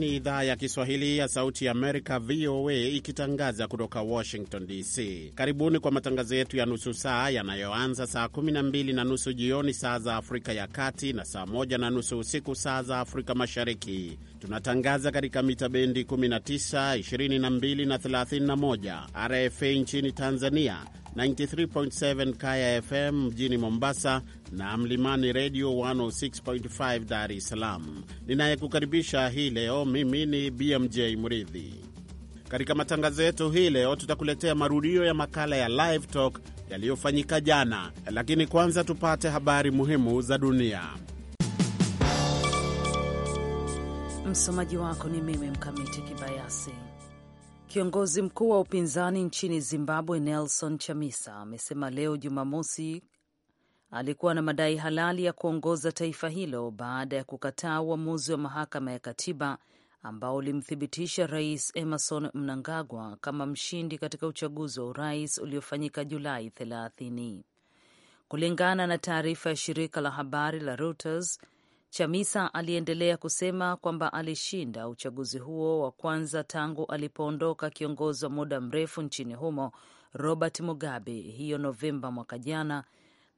ni idhaa ya Kiswahili ya Sauti ya Amerika, VOA, ikitangaza kutoka Washington DC. Karibuni kwa matangazo yetu ya nusu saa yanayoanza saa 12 na nusu jioni saa za Afrika ya Kati na saa 1 na nusu usiku saa za Afrika Mashariki. Tunatangaza katika mita bendi 19, 22 na 31, RFA nchini Tanzania 93.7 Kaya FM mjini Mombasa na Mlimani Radio 106.5 Dar es Salaam. Ninayekukaribisha hii leo mimi ni BMJ Mridhi. Katika matangazo yetu hii leo tutakuletea marudio ya makala ya Live Talk yaliyofanyika jana, lakini kwanza tupate habari muhimu za dunia. Msomaji wako ni mimi Mkamiti Kibayasi. Kiongozi mkuu wa upinzani nchini Zimbabwe Nelson Chamisa amesema leo Jumamosi alikuwa na madai halali ya kuongoza taifa hilo baada ya kukataa uamuzi wa mahakama ya katiba ambao ulimthibitisha rais Emerson Mnangagwa kama mshindi katika uchaguzi wa urais uliofanyika Julai 30. Kulingana na taarifa ya shirika la habari la Reuters, Chamisa aliendelea kusema kwamba alishinda uchaguzi huo wa kwanza tangu alipoondoka kiongozi wa muda mrefu nchini humo Robert Mugabe hiyo Novemba mwaka jana,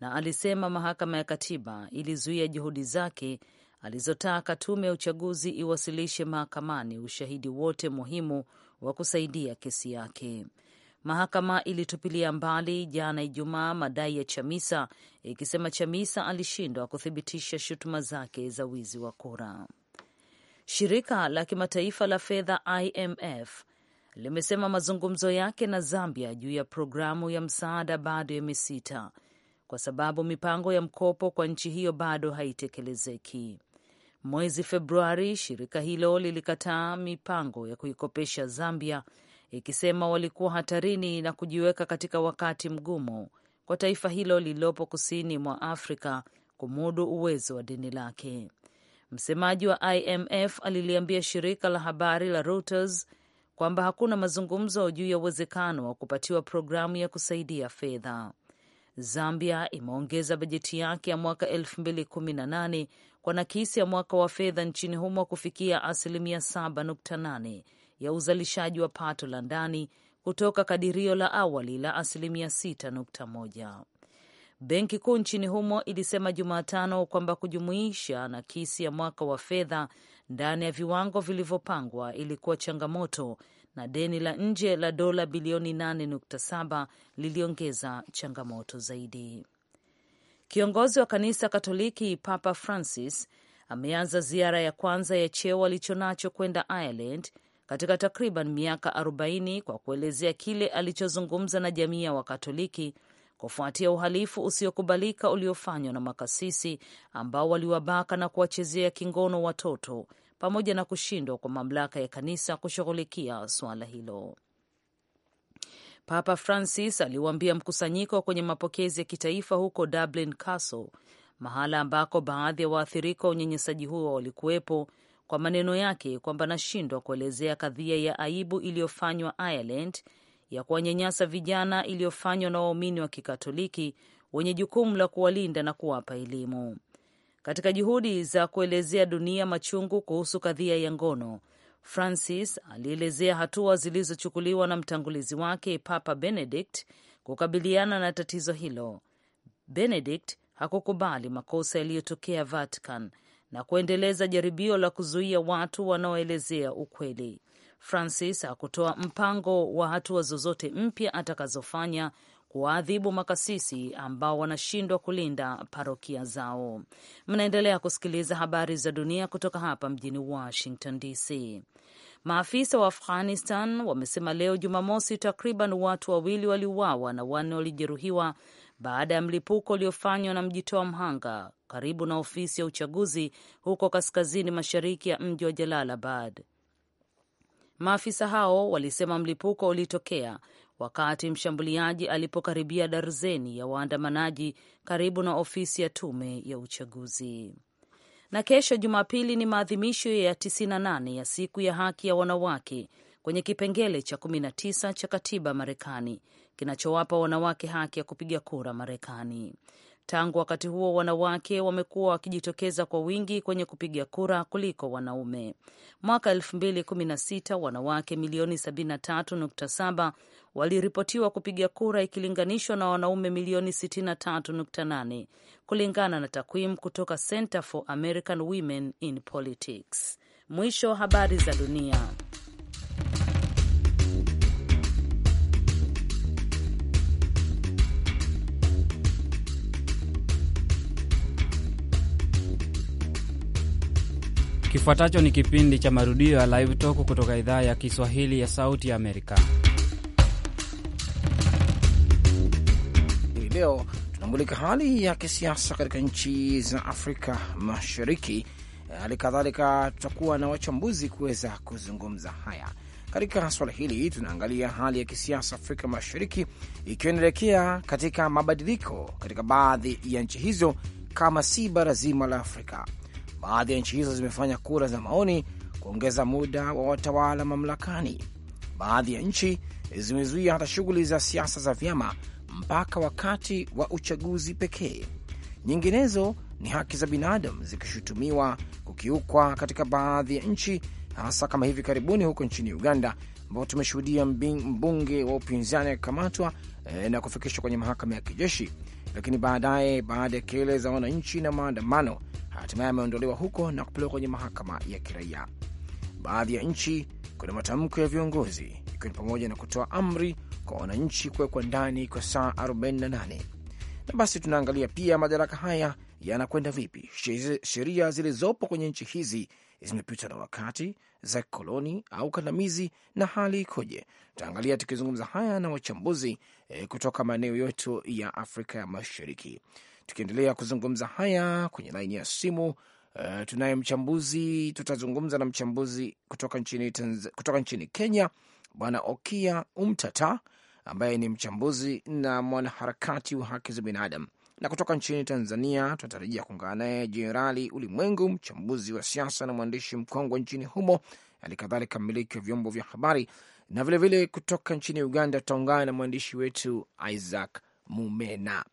na alisema mahakama ya katiba ilizuia juhudi zake alizotaka tume ya uchaguzi iwasilishe mahakamani ushahidi wote muhimu wa kusaidia kesi yake. Mahakama ilitupilia mbali jana Ijumaa madai ya Chamisa ikisema Chamisa alishindwa kuthibitisha shutuma zake za wizi wa kura. Shirika la kimataifa la fedha IMF limesema mazungumzo yake na Zambia juu ya programu ya msaada bado yamesita kwa sababu mipango ya mkopo kwa nchi hiyo bado haitekelezeki. Mwezi Februari, shirika hilo lilikataa mipango ya kuikopesha Zambia ikisema walikuwa hatarini na kujiweka katika wakati mgumu kwa taifa hilo lililopo kusini mwa Afrika kumudu uwezo wa deni lake. Msemaji wa IMF aliliambia shirika la habari la Reuters kwamba hakuna mazungumzo juu ya uwezekano wa kupatiwa programu ya kusaidia fedha. Zambia imeongeza bajeti yake ya mwaka 2018 kwa nakisi ya mwaka wa fedha nchini humo kufikia asilimia 7.8 ya uzalishaji wa pato la ndani kutoka kadirio la awali la asilimia 6.1. Benki kuu nchini humo ilisema Jumatano kwamba kujumuisha nakisi ya mwaka wa fedha ndani ya viwango vilivyopangwa ilikuwa changamoto na deni la nje la dola bilioni 8.7 liliongeza changamoto zaidi. Kiongozi wa kanisa Katoliki Papa Francis ameanza ziara ya kwanza ya cheo alichonacho kwenda Ireland katika takriban miaka 40 kwa kuelezea kile alichozungumza na jamii ya Wakatoliki kufuatia uhalifu usiokubalika uliofanywa na makasisi ambao waliwabaka na kuwachezea kingono watoto pamoja na kushindwa kwa mamlaka ya kanisa kushughulikia suala hilo. Papa Francis aliwaambia mkusanyiko kwenye mapokezi ya kitaifa huko Dublin Castle, mahala ambako baadhi ya waathirika wa unyenyesaji huo walikuwepo, kwa maneno yake kwamba nashindwa kuelezea kadhia ya aibu iliyofanywa Ireland ya kuwanyanyasa vijana iliyofanywa na waumini wa Kikatoliki wenye jukumu la kuwalinda na kuwapa elimu. Katika juhudi za kuelezea dunia machungu kuhusu kadhia ya ngono, Francis alielezea hatua zilizochukuliwa na mtangulizi wake Papa Benedict kukabiliana na tatizo hilo. Benedict hakukubali makosa yaliyotokea Vatican na kuendeleza jaribio la kuzuia watu wanaoelezea ukweli. Francis hakutoa mpango wa hatua zozote mpya atakazofanya kuwaadhibu makasisi ambao wanashindwa kulinda parokia zao. Mnaendelea kusikiliza habari za dunia kutoka hapa mjini Washington DC. Maafisa wa Afghanistan wamesema leo Jumamosi takriban watu wawili waliuawa na wanne walijeruhiwa baada ya mlipuko uliofanywa na mjitoa mhanga karibu na ofisi ya uchaguzi huko kaskazini mashariki ya mji wa Jalalabad. Maafisa hao walisema mlipuko ulitokea wakati mshambuliaji alipokaribia darzeni ya waandamanaji karibu na ofisi ya tume ya uchaguzi. Na kesho Jumapili ni maadhimisho ya 98 ya siku ya haki ya wanawake kwenye kipengele cha 19 cha katiba Marekani kinachowapa wanawake haki ya kupiga kura Marekani. Tangu wakati huo wanawake wamekuwa wakijitokeza kwa wingi kwenye kupiga kura kuliko wanaume. Mwaka 2016 wanawake milioni 73.7 waliripotiwa kupiga kura ikilinganishwa na wanaume milioni 63.8 kulingana na takwimu kutoka Center for American Women in Politics. Mwisho habari za dunia. Kifuatacho ni kipindi cha marudio ya Live Talk kutoka idhaa ya Kiswahili ya Sauti ya Amerika. Hii leo tunamulika hali ya kisiasa katika nchi za Afrika Mashariki. Hali kadhalika tutakuwa na wachambuzi kuweza kuzungumza haya. Katika swala hili tunaangalia hali ya kisiasa Afrika Mashariki ikiwa inaelekea katika mabadiliko katika baadhi ya nchi hizo, kama si bara zima la Afrika. Baadhi ya nchi hizo zimefanya kura za maoni kuongeza muda wa watawala mamlakani. Baadhi ya nchi zimezuia hata shughuli za siasa za vyama mpaka wakati wa uchaguzi pekee. Nyinginezo ni haki za binadamu zikishutumiwa kukiukwa katika baadhi ya nchi, hasa kama hivi karibuni huko nchini Uganda ambao tumeshuhudia mbunge wa upinzani akikamatwa e, eh, na kufikishwa kwenye mahakama ya kijeshi, lakini baadaye, baada ya kelele za wananchi na maandamano, hatimaye ameondolewa huko na kupelekwa kwenye mahakama ya kiraia. Baadhi ya nchi kuna matamko ya viongozi, ikiwa ni pamoja na kutoa amri kwa wananchi kuwekwa ndani kwa saa 48. Na basi tunaangalia pia madaraka haya yanakwenda vipi. Sheria zilizopo kwenye nchi hizi zimepitwa na wakati, za kikoloni au kandamizi, na hali ikoje? Tutaangalia tukizungumza haya na wachambuzi eh, kutoka maeneo yote ya Afrika ya Mashariki. Tukiendelea kuzungumza haya kwenye laini ya simu uh, tunaye mchambuzi, tutazungumza na mchambuzi kutoka nchini, Tanz kutoka nchini Kenya, Bwana Okia Umtata ambaye ni mchambuzi na mwanaharakati wa haki za binadamu, na kutoka nchini Tanzania tunatarajia kuungana naye Jenerali Ulimwengu, mchambuzi wa siasa na mwandishi mkongwe nchini humo, hali kadhalika mmiliki wa vyombo vya habari, na vilevile vile kutoka nchini Uganda tutaungana na mwandishi wetu Isaac Mumena.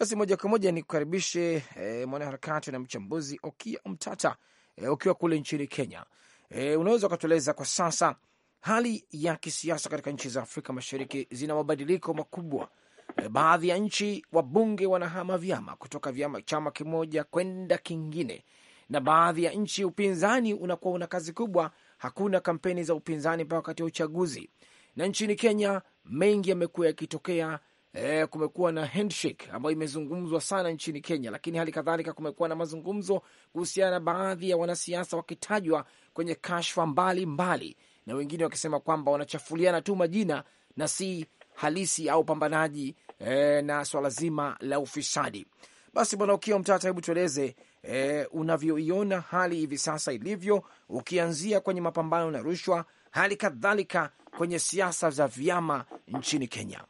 Basi moja kwa moja nikukaribishe e, eh, mwanaharakati na mchambuzi Okia Mtata e, ukiwa kule nchini Kenya. E, unaweza ukatueleza kwa sasa hali ya kisiasa katika nchi za Afrika Mashariki zina mabadiliko makubwa. E, baadhi ya nchi wabunge wanahama vyama kutoka vyama chama kimoja kwenda kingine, na baadhi ya nchi upinzani unakuwa una kazi kubwa. Hakuna kampeni za upinzani mpaka wakati wa uchaguzi, na nchini Kenya mengi yamekuwa yakitokea E, kumekuwa na handshake ambayo imezungumzwa sana nchini Kenya, lakini hali kadhalika kumekuwa na mazungumzo kuhusiana na baadhi ya wanasiasa wakitajwa kwenye kashfa mbalimbali, na wengine wakisema kwamba wanachafuliana tu majina na si halisi au pambanaji e, na swala zima la ufisadi. Basi bwana Ukio Mtata, hebu tueleze e, unavyoiona hali hivi sasa ilivyo, ukianzia kwenye mapambano na rushwa, hali kadhalika kwenye siasa za vyama nchini Kenya.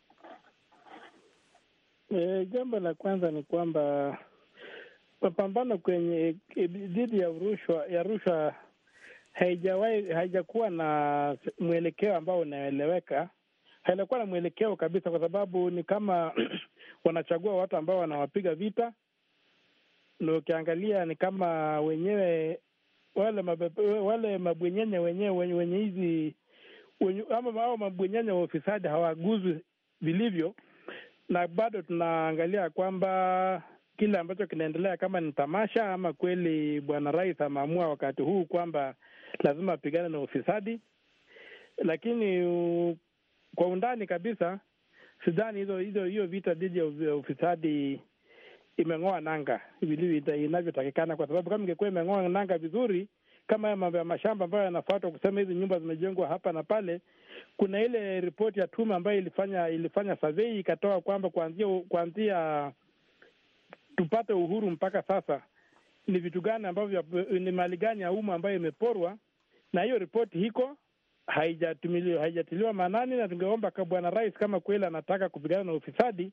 E, jambo la kwanza ni kwamba mapambano kwenye eh, dhidi ya rushwa ya rushwa haijawahi haijakuwa na mwelekeo ambao unaeleweka, haijakuwa na mwelekeo kabisa, kwa sababu ni kama wanachagua watu ambao wanawapiga vita, na ukiangalia ni kama wenyewe wale mabepe, wale mabwenyenye wenyewe wenye hizi ama mabwenyenye wa ufisadi hawaguzwi vilivyo na bado tunaangalia kwamba kile ambacho kinaendelea kama ni tamasha ama kweli bwana rais ameamua wakati huu kwamba lazima apigane na ufisadi. Lakini kwa undani kabisa sidhani hizo hizo hiyo vita dhidi ya ufisadi imeng'oa nanga vilivyo inavyotakikana, kwa sababu kama ingekuwa imeng'oa nanga vizuri kama haya mambo ya mashamba ambayo yanafuatwa kusema hizi nyumba zimejengwa hapa na pale. Kuna ile ripoti ya tume ambayo ilifanya ilifanya survey ikatoa kwamba kuanzia kuanzia tupate uhuru mpaka sasa ni vitu gani ambavyo ni mali gani ya umma ambayo imeporwa, na hiyo ripoti hiko haijatumiliwa haijatiliwa maanani, na tungeomba Bwana Rais kama kweli anataka kupigana na ufisadi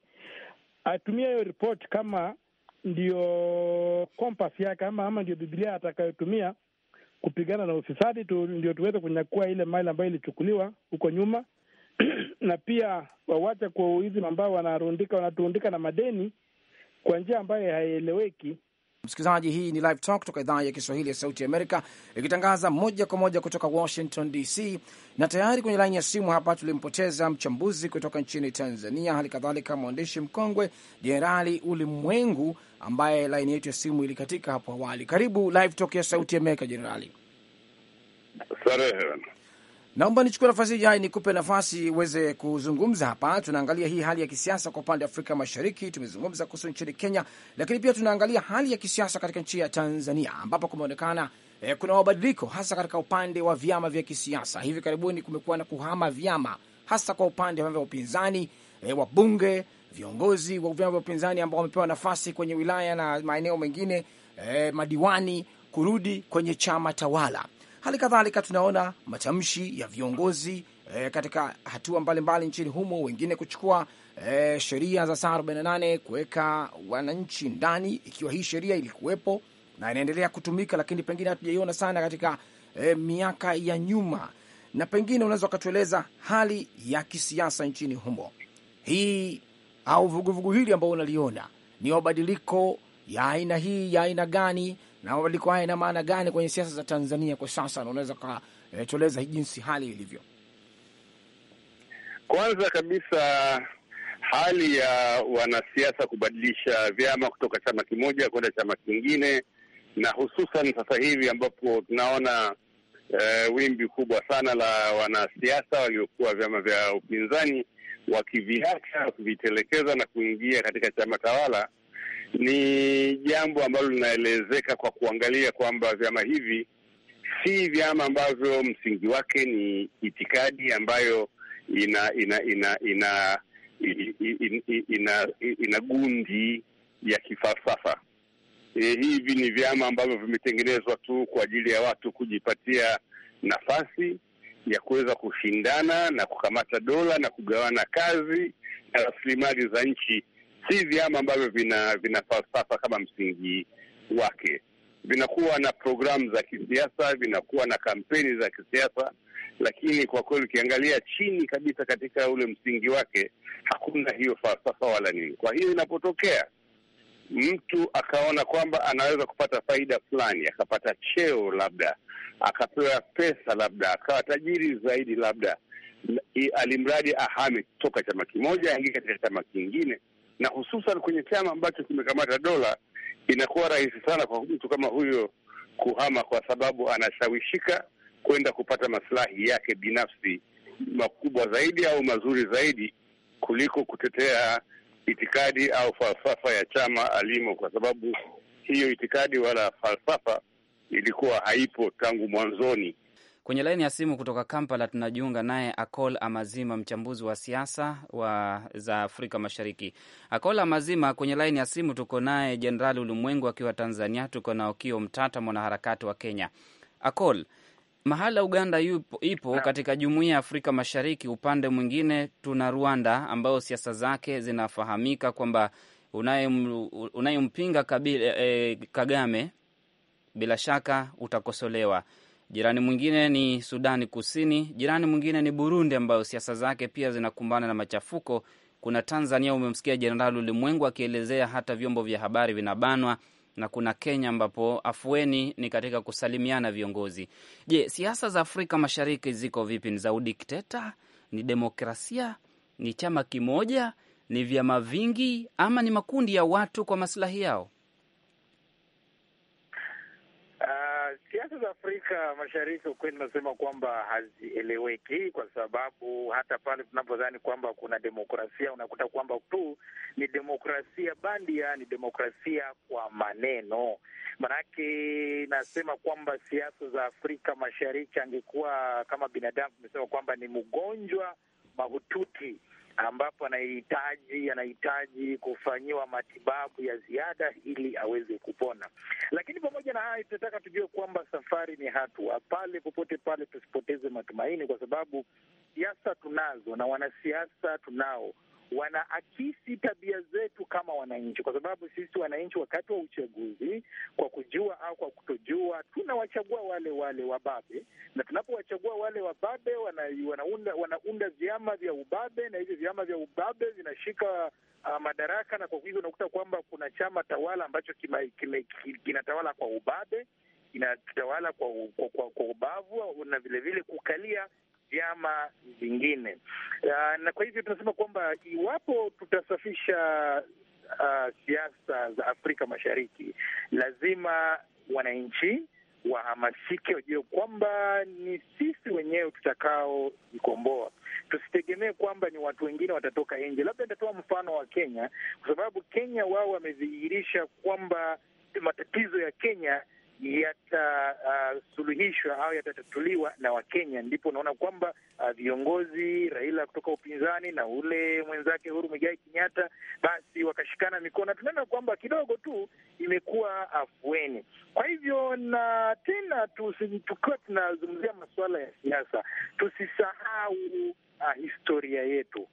atumia hiyo ripoti kama ndio kompas yake ama ama ndio Biblia atakayotumia kupigana na ufisadi tu, ndio tuweze kunyakua ile mali ambayo ilichukuliwa huko nyuma na pia wawache kwa hizi ambao wanarundika wanatuundika na madeni kwa njia ambayo haieleweki, Msikilizaji, hii ni Live Talk kutoka idhaa ya Kiswahili ya Sauti Amerika, ikitangaza moja kwa moja kutoka Washington DC. Na tayari kwenye laini ya simu hapa tulimpoteza mchambuzi kutoka nchini Tanzania, hali kadhalika mwandishi mkongwe Jenerali Ulimwengu ambaye laini yetu ya simu ilikatika hapo awali. Karibu Live Talk ya Sauti Amerika, Jenerali. Naomba nichukue nafasi hii hai nikupe nafasi uweze kuzungumza hapa. Tunaangalia hii hali ya kisiasa kwa upande wa Afrika Mashariki, tumezungumza kuhusu nchini Kenya, lakini pia tunaangalia hali ya kisiasa katika nchi ya Tanzania ambapo kumeonekana eh, kuna mabadiliko hasa katika upande wa vyama vya kisiasa. Hivi karibuni kumekuwa na kuhama vyama hasa kwa upande wa vyama vya upinzani eh, wabunge, viongozi wa vyama vya upinzani ambao wamepewa nafasi kwenye wilaya na maeneo mengine eh, madiwani kurudi kwenye chama tawala. Hali kadhalika tunaona matamshi ya viongozi e, katika hatua mbalimbali mbali nchini humo, wengine kuchukua e, sheria za saa 48 kuweka wananchi ndani, ikiwa hii sheria ilikuwepo na inaendelea kutumika, lakini pengine hatujaiona sana katika e, miaka ya nyuma. Na pengine unaweza ukatueleza hali ya kisiasa nchini humo hii au vuguvugu hili ambao unaliona ni mabadiliko ya aina hii ya aina gani, na mabadiliko haya ina maana gani kwenye siasa za Tanzania kwa sasa, na unaweza ukatueleza eh, jinsi hali ilivyo? Kwanza kabisa hali ya wanasiasa kubadilisha vyama kutoka chama kimoja kwenda chama kingine, na hususan sasa hivi ambapo tunaona eh, wimbi kubwa sana la wanasiasa waliokuwa vyama vya upinzani wakiviacha wakivitelekeza na kuingia katika chama tawala, ni jambo ambalo linaelezeka kwa kuangalia kwamba vyama hivi si vyama ambavyo msingi wake ni itikadi ambayo ina ina ina ina ina, ina, gundi ya kifalsafa. E, hivi ni vyama ambavyo vimetengenezwa tu kwa ajili ya watu kujipatia nafasi ya kuweza kushindana na kukamata dola na kugawana kazi na rasilimali za nchi si vyama ambavyo vina vina falsafa kama msingi wake. Vinakuwa na programu za kisiasa, vinakuwa na kampeni za kisiasa, lakini kwa kweli ukiangalia chini kabisa katika ule msingi wake hakuna hiyo falsafa wala nini. Kwa hiyo inapotokea mtu akaona kwamba anaweza kupata faida fulani, akapata cheo labda, akapewa pesa labda, akawa tajiri zaidi labda, alimradi ahame kutoka chama kimoja aingie katika chama kingine, na hususan kwenye chama ambacho kimekamata dola, inakuwa rahisi sana kwa mtu kama huyo kuhama, kwa sababu anashawishika kwenda kupata maslahi yake binafsi makubwa zaidi au mazuri zaidi kuliko kutetea itikadi au falsafa ya chama alimo, kwa sababu hiyo itikadi wala falsafa ilikuwa haipo tangu mwanzoni. Kwenye laini ya simu kutoka Kampala tunajiunga naye Akol Amazima, mchambuzi wa siasa wa za Afrika Mashariki. Akol Amazima, kwenye laini ya simu tuko naye Jenerali Ulimwengu akiwa Tanzania, tuko na Okio Mtata, mwanaharakati wa Kenya. Akol, mahala Uganda yupo, ipo katika jumuiya ya Afrika Mashariki, upande mwingine tuna Rwanda ambayo siasa zake zinafahamika kwamba unayempinga unayem eh, Kagame bila shaka utakosolewa jirani mwingine ni Sudani Kusini, jirani mwingine ni Burundi ambayo siasa zake pia zinakumbana na machafuko. Kuna Tanzania, umemsikia Jenerali Ulimwengu akielezea hata vyombo vya habari vinabanwa, na kuna Kenya ambapo afueni ni katika kusalimiana viongozi. Je, siasa za Afrika Mashariki ziko vipi? Ni za udikteta? Ni demokrasia? Ni chama kimoja? Ni vyama vingi? Ama ni makundi ya watu kwa masilahi yao? Siasa za Afrika Mashariki ukweli unasema kwamba hazieleweki, kwa sababu hata pale tunapodhani kwamba kuna demokrasia unakuta kwamba tu ni demokrasia bandia, ni demokrasia kwa maneno. manake nasema kwamba siasa za Afrika Mashariki angekuwa kama binadamu, tumesema kwamba ni mgonjwa mahututi ambapo anahitaji anahitaji kufanyiwa matibabu ya ziada ili aweze kupona. Lakini pamoja na hayo, tunataka tujue kwamba safari ni hatua. Pale popote pale tusipoteze matumaini, kwa sababu siasa tunazo na wanasiasa tunao wanaakisi tabia zetu kama wananchi, kwa sababu sisi wananchi, wakati wa uchaguzi, kwa kujua au kwa kutojua, tunawachagua wale wale wababe, na tunapowachagua wale wababe wanaunda, wanaunda vyama vya ubabe, na hivyo vyama vya ubabe vinashika Uh, madaraka na kwa hivyo unakuta kwamba kuna chama tawala ambacho kinatawala kwa ubabe, inatawala kwa, kwa, kwa, kwa ubavu na vilevile kukalia vyama vingine. Uh, ah, na kwa hivyo tunasema kwamba iwapo tutasafisha uh, siasa za Afrika Mashariki, lazima wananchi wahamasike, wajue kwamba ni sisi wenyewe tutakaojikomboa. Tusitegemee kwamba ni watu wengine watatoka nje. Labda nitatoa mfano wa Kenya, kwa sababu Kenya wao wamedhihirisha kwamba matatizo ya Kenya yatasuluhishwa uh, au yatatatuliwa na Wakenya. Ndipo unaona kwamba uh, viongozi Raila kutoka upinzani na ule mwenzake Uhuru Muigai Kenyatta basi wakashikana mikono. Tunaona kwamba kidogo tu imekuwa afueni. Kwa hivyo na tena tukiwa tunazungumzia masuala ya siasa tusisahau uh, historia yetu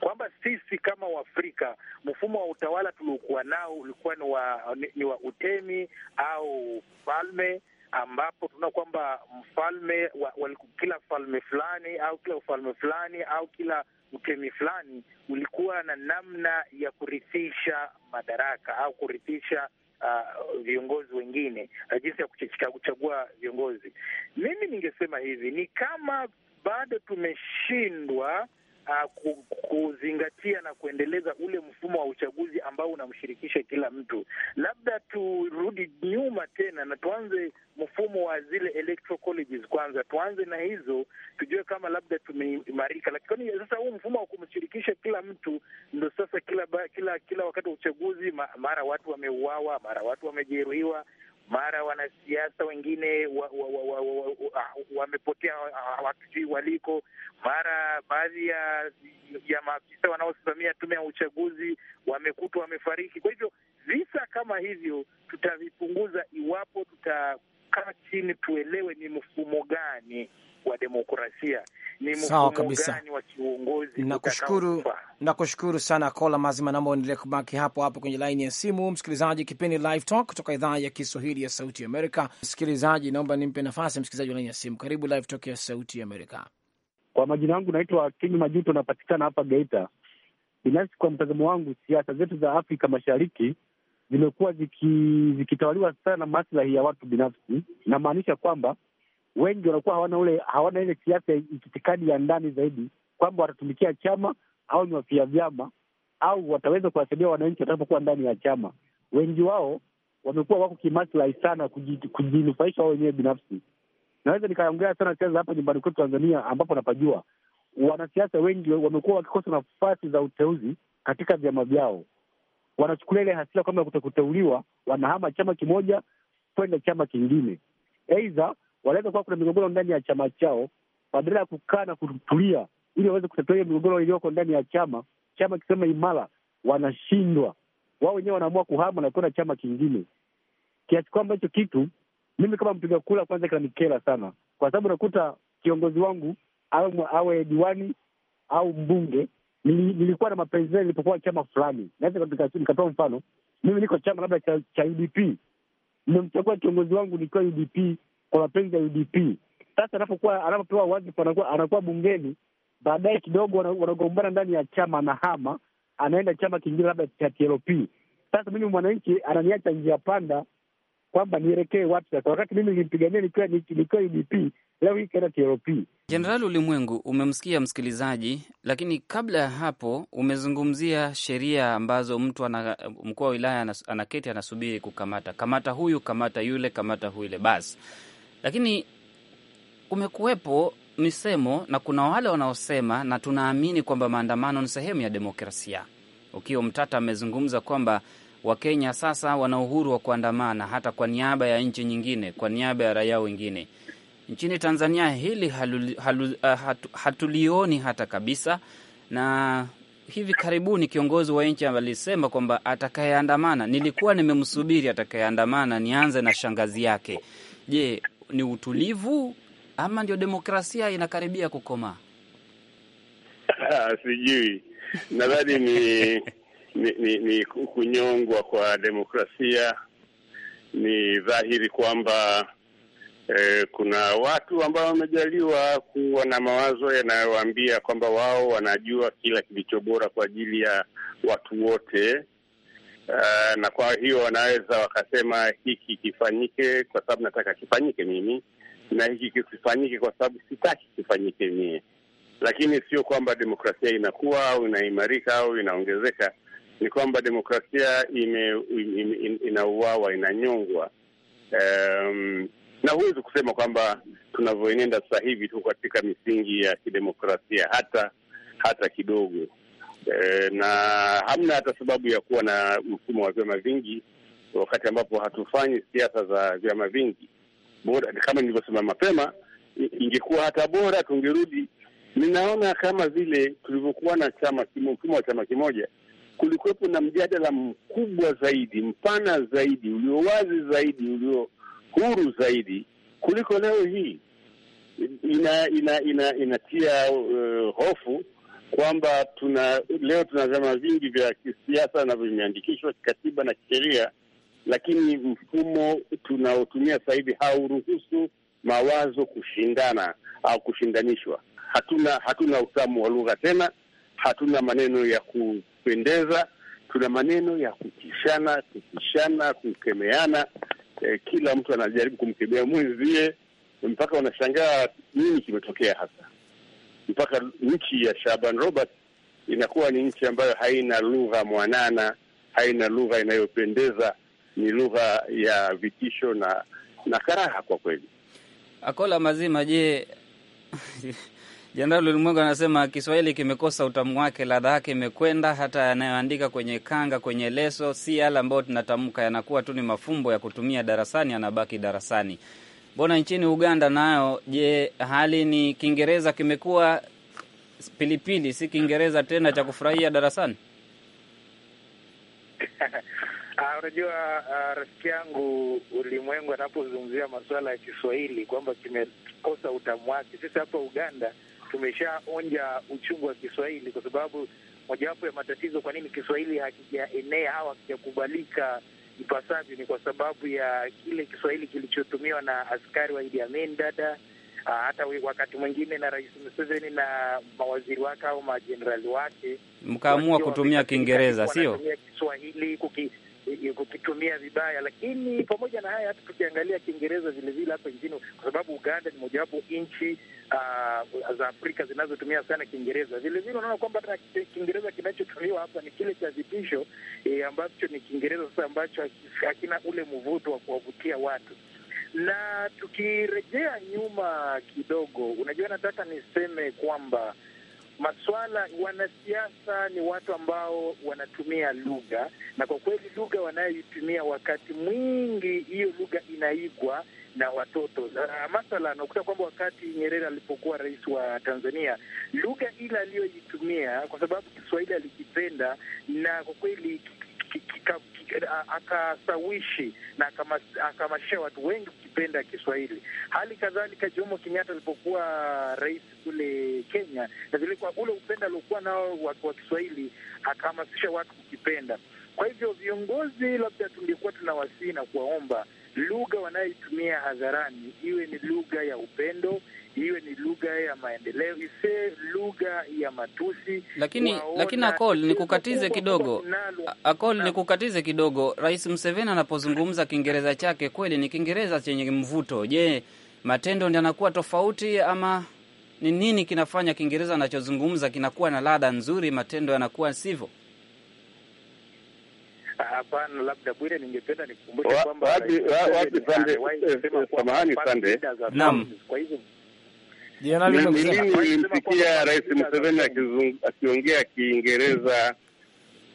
kwamba sisi kama Waafrika mfumo wa utawala tuliokuwa nao ulikuwa ni wa, ni wa utemi au ufalme ambapo tunaona kwamba mfalme wa, wa, kila falme fulani au kila ufalme fulani au kila utemi fulani ulikuwa na namna ya kurithisha madaraka au kurithisha uh, viongozi wengine uh, jinsi ya kuchagua viongozi. Mimi ningesema hivi ni kama bado tumeshindwa uh, kuzingatia na kuendeleza ule mfumo wa uchaguzi ambao unamshirikisha kila mtu. Labda turudi nyuma tena na tuanze mfumo wa zile electoral colleges kwanza, tuanze na hizo tujue kama labda tumeimarika, lakini sasa huu mfumo wa kumshirikisha kila mtu ndo sasa kila, kila, kila wakati wa uchaguzi ma, mara watu wameuawa, mara watu wamejeruhiwa mara wanasiasa wengine wamepotea wa, wa, wa, wa, wa, waliko, mara baadhi ya, ya maafisa wanaosimamia tume ya uchaguzi wamekutwa wamefariki. Kwa hivyo visa kama hivyo tutavipunguza iwapo tutakaa chini tuelewe ni mfumo gani wa demokrasia ni mfumo gani wa kiuongozi. Nakushukuru, nakushukuru sana Kola Mazima, naomba uendelee kubaki hapo hapo kwenye laini ya simu. Msikilizaji, kipindi Live Talk kutoka idhaa ya Kiswahili ya Sauti Amerika. Msikilizaji, naomba nimpe nafasi msikilizaji wa laini ya simu. Karibu Live Talk ya Sauti Amerika. Kwa majina yangu naitwa Kimi Majuto, napatikana hapa Geita. Binafsi kwa mtazamo wangu, siasa zetu za Afrika Mashariki zimekuwa ziki, zikitawaliwa sana maslahi ya watu binafsi. namaanisha kwamba wengi wanakuwa hawana ule hawana ile siasa itikadi ya ndani zaidi kwamba watatumikia chama au ni wafia vyama au wataweza kuwasaidia wananchi watakapokuwa ndani ya chama. Wengi wao wamekuwa wako kimaslahi sana kujinufaisha wao wenyewe binafsi. Naweza nikaongea sana siasa hapa nyumbani kwetu Tanzania, ambapo napajua wanasiasa wengi wamekuwa wakikosa nafasi za uteuzi katika vyama vyao. Wanachukulia ile hasira kwamba kutokuteuliwa, wanahama chama kimoja kwenda chama kingine, aidha wanaweza kuwa kuna migogoro ndani ya chama chao, badala ya kukaa na kutulia ili waweze kutatua hiyo migogoro iliyoko ndani ya chama, chama kisema imara, wanashindwa wao wenyewe, wanaamua kuhama na kuenda chama kingine, kiasi kwamba hicho kitu mimi kama mpiga kura kwanza kinanikera sana, kwa sababu nakuta kiongozi wangu awe, awe diwani au mbunge nili, nilikuwa na mapenzi naye nilipokuwa chama fulani. Naweza nikatoa mfano, mimi niko chama labda cha, cha UDP, nimemchagua kiongozi wangu nikiwa UDP kwa mapenzi ya UDP. Sasa anapokuwa anapopewa wadhifa anakuwa, anakuwa bungeni, baadaye kidogo wanagombana ndani ya chama, anahama anaenda chama kingine, labda cha TLP. Sasa mimi mwananchi ananiacha njia panda kwamba nielekee wapi sasa, wakati mimi nilimpigania nikiwa nikiwa UDP, leo hii kaenda TLP. Jenerali Ulimwengu, umemsikia msikilizaji, lakini kabla ya hapo umezungumzia sheria ambazo mtu ana, mkuu wa wilaya anaketi anasubiri kukamata, kamata huyu, kamata yule, kamata huyule basi lakini kumekuwepo misemo na kuna wale wanaosema, na tunaamini kwamba maandamano ni sehemu ya demokrasia. ukiwa Mtata amezungumza kwamba Wakenya sasa wana uhuru wa kuandamana hata kwa niaba ya nchi nyingine, kwa niaba ya raia wengine. Nchini Tanzania hili halu, halu, eh, hatu, hatulioni hata kabisa, na hivi karibuni kiongozi wa nchi alisema kwamba atakayeandamana, nilikuwa nimemsubiri atakayeandamana nianze na shangazi yake. Je, ni utulivu ama ndio demokrasia inakaribia kukomaa? Ah, sijui, nadhani ni, ni, ni, ni kunyongwa kwa demokrasia. Ni dhahiri kwamba eh, kuna watu ambao wamejaliwa kuwa na mawazo yanayowaambia kwamba wao wanajua kila kilicho bora kwa ajili ya watu wote Uh, na kwa hiyo wanaweza wakasema hiki kifanyike kwa sababu nataka kifanyike mimi, na hiki kisifanyike kwa sababu sitaki kifanyike mie. Lakini sio kwamba demokrasia inakuwa au inaimarika au inaongezeka, ni kwamba demokrasia ime, ime, ime, inauawa inanyongwa. Um, na huwezi kusema kwamba tunavyoenenda sasa hivi tu katika misingi ya kidemokrasia hata hata kidogo e, na hamna hata sababu ya kuwa na mfumo wa vyama vingi wakati ambapo hatufanyi siasa za vyama vingi. Bora kama nilivyosema mapema, ingekuwa hata bora tungerudi. Ninaona kama vile tulivyokuwa na chama mfumo wa chama kimoja, kulikuwepo na mjadala mkubwa zaidi, mpana zaidi, ulio wazi zaidi, ulio huru zaidi kuliko leo hii. Ina, ina, ina, inatia uh, hofu kwamba tuna leo tuna vyama vingi vya kisiasa na vimeandikishwa kikatiba na kisheria, lakini mfumo tunaotumia sasa hivi hauruhusu mawazo kushindana au kushindanishwa. Hatuna hatuna utamu wa lugha tena, hatuna maneno ya kupendeza, tuna maneno ya kutishana, kutishana, kukemeana. Eh, kila mtu anajaribu kumkemea mwenzie mpaka unashangaa nini kimetokea hasa mpaka nchi ya Shaban Robert inakuwa ni nchi ambayo haina lugha mwanana, haina lugha inayopendeza, ni lugha ya vitisho na na karaha kwa kweli. Akola mazima je, Jenerali Ulimwengu anasema Kiswahili kimekosa utamu wake, ladha yake imekwenda. Hata yanayoandika kwenye kanga, kwenye leso, si yale ambayo tunatamka, yanakuwa tu ni mafumbo ya kutumia darasani, yanabaki darasani. Mbona nchini Uganda nayo, je, hali ni Kiingereza kimekuwa pilipili, si Kiingereza tena cha kufurahia darasani? Ah, unajua uh, rafiki yangu, ulimwengu anapozungumzia masuala ya Kiswahili kwamba kimekosa utamu wake, sisi hapa Uganda tumeshaonja uchungu wa Kiswahili, kwa sababu mojawapo ya matatizo, kwa nini Kiswahili hakijaenea au hakijakubalika ipasavyo ni kwa sababu ya kile Kiswahili kilichotumiwa na askari wa Idi Amin Dada, ah, hata wakati mwingine na Rais Museveni na mawaziri wake au majenerali wake, mkaamua kutumia Kiingereza, sio Kiswahili kuki kukitumia vibaya. Lakini pamoja na haya, hata tukiangalia Kiingereza vilevile hapa nchini, kwa sababu Uganda ni mojawapo nchi uh, za Afrika zinazotumia sana Kiingereza. Vilevile unaona kwamba hata Kiingereza kinachotumiwa hapa ni kile cha vitisho eh, ambacho ni Kiingereza sasa ambacho hakina ule mvuto wa kuwavutia watu na tukirejea nyuma kidogo, unajua, nataka niseme kwamba maswala. Wanasiasa ni watu ambao wanatumia lugha, na kwa kweli lugha wanayoitumia wakati mwingi hiyo lugha inaigwa na watoto uh, mathalan nakuta kwamba wakati Nyerere alipokuwa rais wa Tanzania, lugha ile aliyoitumia, kwa sababu Kiswahili alikipenda na kwa kweli akasawishi na akahamasisha watu wengi kukipenda Kiswahili. Hali kadhalika Jomo Kenyatta alipokuwa rais kule Kenya, na vile kwa ule upendo aliokuwa nao wa Kiswahili akahamasisha watu kukipenda. Kwa hivyo viongozi, labda tungekuwa tunawasihi na kuwaomba lugha wanayoitumia hadharani iwe ni lugha ya upendo iwe ni lugha ya maendeleo, ise lugha ya matusi. Lakini waona, lakini Akol nikukatize kidogo, Akol nikukatize kidogo. Rais Museveni anapozungumza Kiingereza chake kweli ni Kiingereza chenye mvuto. Je, matendo ndio yanakuwa tofauti ama ni nini kinafanya Kiingereza anachozungumza kinakuwa na ladha nzuri, matendo yanakuwa sivyo? Ah, hapana, labda Bwire, ningependa nikukumbusha kwamba wapi, eh, samahani sande, naam, kwa hivyo Nilimsikia Rais Museveni akiongea Kiingereza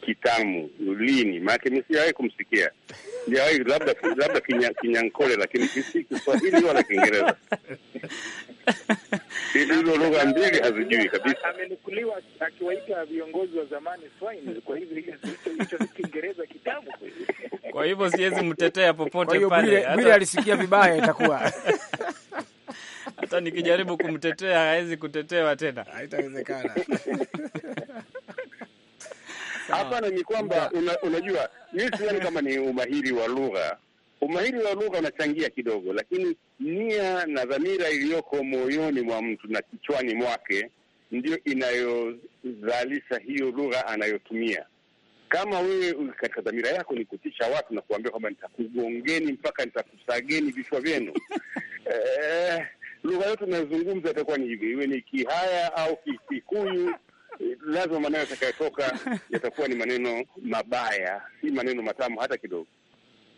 kitamu lini? Maanake mi sijawahi kumsikia, sijawahi labda labda Kinyankole, lakini kisi Kiswahili wala Kiingereza. Hizo lugha mbili hazijui kabisa. Amenukuliwa akiwaita viongozi wa zamani swine, kwa hivyo hicho ni Kiingereza kitamu. Kwa hivyo siwezi mtetea popote pale, alisikia vibaya itakuwa Hata nikijaribu kumtetea hawezi kutetewa tena, haitawezekana. Hapana, ni kwamba una, unajua mimi sidhani kama ni umahiri wa lugha. Umahiri wa lugha unachangia kidogo, lakini nia na dhamira iliyoko moyoni mwa mtu na kichwani mwake ndio inayozalisha hiyo lugha anayotumia. Kama wewe katika dhamira yako ni kutisha watu na kuambia kwamba nitakugongeni mpaka nitakusageni vichwa vyenu eh, lugha yote tunayozungumza itakuwa ni hivi, iwe ni Kihaya au Kikuyu, lazima maneno yatakayotoka yatakuwa ni maneno mabaya, si maneno matamu hata kidogo.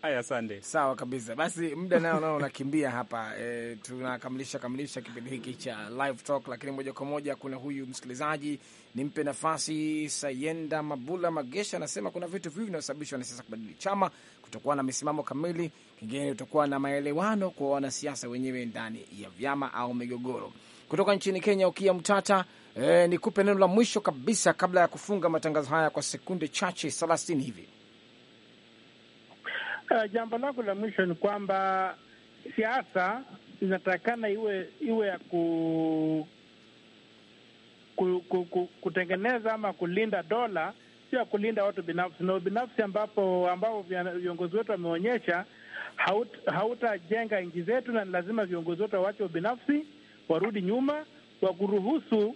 Haya, sande. Sawa kabisa. Basi muda nao nao unakimbia hapa e, tunakamilisha kamilisha kipindi hiki cha live talk, lakini moja kwa moja kuna huyu msikilizaji, nimpe nafasi. Sayenda Mabula Magesha anasema kuna vitu viwili vinasababisha wanasiasa kubadili chama, kutokuwa na misimamo kamili, kingine kutokuwa na maelewano kwa wanasiasa wenyewe ndani ya vyama au migogoro. Kutoka nchini Kenya, Ukia Mtata, e, nikupe neno la mwisho kabisa kabla ya kufunga matangazo haya kwa sekunde chache thelathini hivi. Uh, jambo langu la mwisho ni kwamba siasa inatakana iwe iwe ya ku, ku, ku, ku, kutengeneza ama kulinda dola, sio ya kulinda watu binafsi na ubinafsi, ambapo ambao viongozi wetu wameonyesha hautajenga nchi zetu, na ni lazima viongozi wetu wawache ubinafsi, warudi nyuma, wa kuruhusu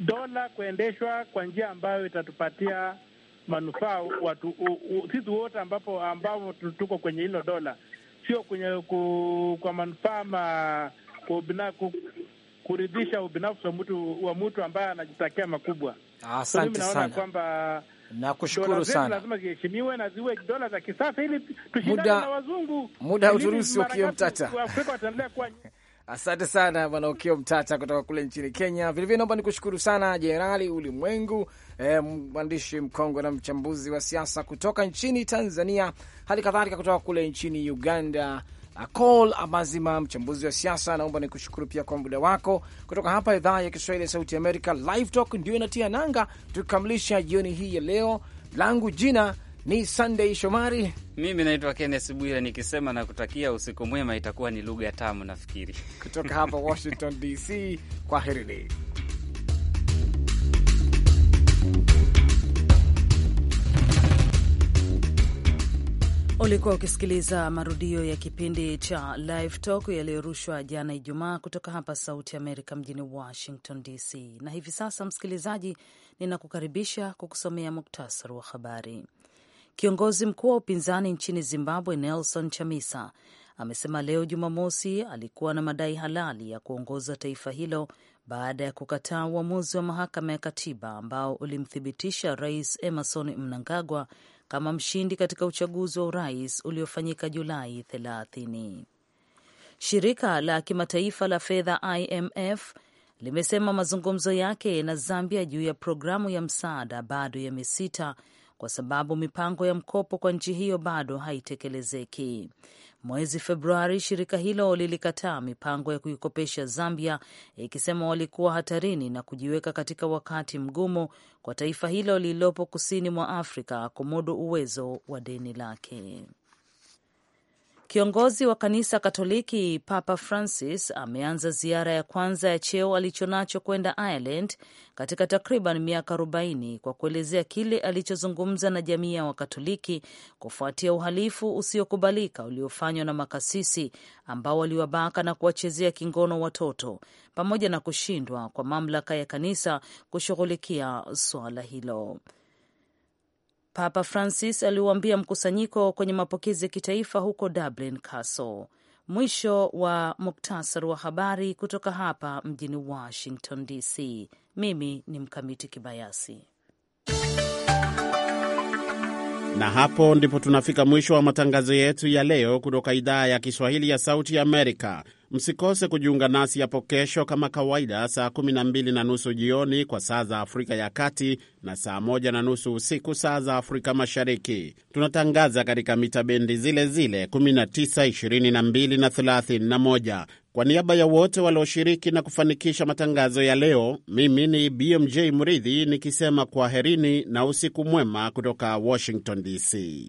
dola kuendeshwa kwa njia ambayo itatupatia manufaa watu u, u, sisi wote ambapo ambao tuko kwenye hilo dola, sio kwenye ku, kwa manufaa ma ku, kuridhisha ubinafsi wa mtu wa mtu ambaye anajitakia makubwa. Asante so, sana kwamba nakushukuru sana. Lazima ziheshimiwe na ziwe dola za kisasa ili tushindane na wazungu. Muda hauturuhusu ukio mtata Asante sana Bwana Ukio Mtata kutoka kule nchini Kenya. Vilevile naomba nikushukuru sana Jenerali Ulimwengu, eh, mwandishi mkongwe na mchambuzi wa siasa kutoka nchini Tanzania, hali kadhalika kutoka kule nchini Uganda Akol Amazima, mchambuzi wa siasa. Naomba nikushukuru pia kwa muda wako. Kutoka hapa idhaa ya Kiswahili ya Sauti Amerika, Live Talk ndio inatia nanga, tukikamilisha jioni hii ya leo. Langu jina ni Sunday Shomari, mimi naitwa Kennes Bwire, nikisema na kutakia usiku mwema, itakuwa ni lugha tamu nafikiri, kutoka hapa Washington DC. Kwaherini. Ulikuwa ukisikiliza marudio ya kipindi cha Live Talk yaliyorushwa jana Ijumaa kutoka hapa Sauti Amerika mjini Washington DC. Na hivi sasa, msikilizaji, ninakukaribisha kukusomea muktasari wa habari. Kiongozi mkuu wa upinzani nchini Zimbabwe, Nelson Chamisa, amesema leo Jumamosi alikuwa na madai halali ya kuongoza taifa hilo baada ya kukataa uamuzi wa mahakama ya katiba ambao ulimthibitisha Rais Emerson Mnangagwa kama mshindi katika uchaguzi wa urais uliofanyika Julai 30. Shirika la kimataifa la fedha IMF limesema mazungumzo yake na Zambia juu ya programu ya msaada bado yamesita kwa sababu mipango ya mkopo kwa nchi hiyo bado haitekelezeki. Mwezi Februari, shirika hilo lilikataa mipango ya kuikopesha Zambia, ikisema walikuwa hatarini na kujiweka katika wakati mgumu kwa taifa hilo lililopo kusini mwa Afrika kumudu uwezo wa deni lake. Kiongozi wa kanisa Katoliki Papa Francis ameanza ziara ya kwanza ya cheo alichonacho kwenda Ireland katika takriban miaka 40 kwa kuelezea kile alichozungumza na jamii ya Wakatoliki kufuatia uhalifu usiokubalika uliofanywa na makasisi ambao waliwabaka na kuwachezea kingono watoto pamoja na kushindwa kwa mamlaka ya kanisa kushughulikia suala hilo. Papa Francis aliuambia mkusanyiko kwenye mapokezi ya kitaifa huko Dublin Castle. Mwisho wa muktasari wa habari kutoka hapa mjini Washington DC. Mimi ni Mkamiti Kibayasi, na hapo ndipo tunafika mwisho wa matangazo yetu ya leo kutoka idhaa ya Kiswahili ya Sauti ya Amerika. Msikose kujiunga nasi hapo kesho kama kawaida, saa 12 na nusu jioni kwa saa za Afrika ya Kati na saa 1 na nusu usiku saa za Afrika Mashariki. Tunatangaza katika mita bendi zile zile 19, 22 na 31. Kwa niaba ya wote walioshiriki na kufanikisha matangazo ya leo, mimi ni BMJ Mridhi nikisema kwaherini na usiku mwema kutoka Washington DC.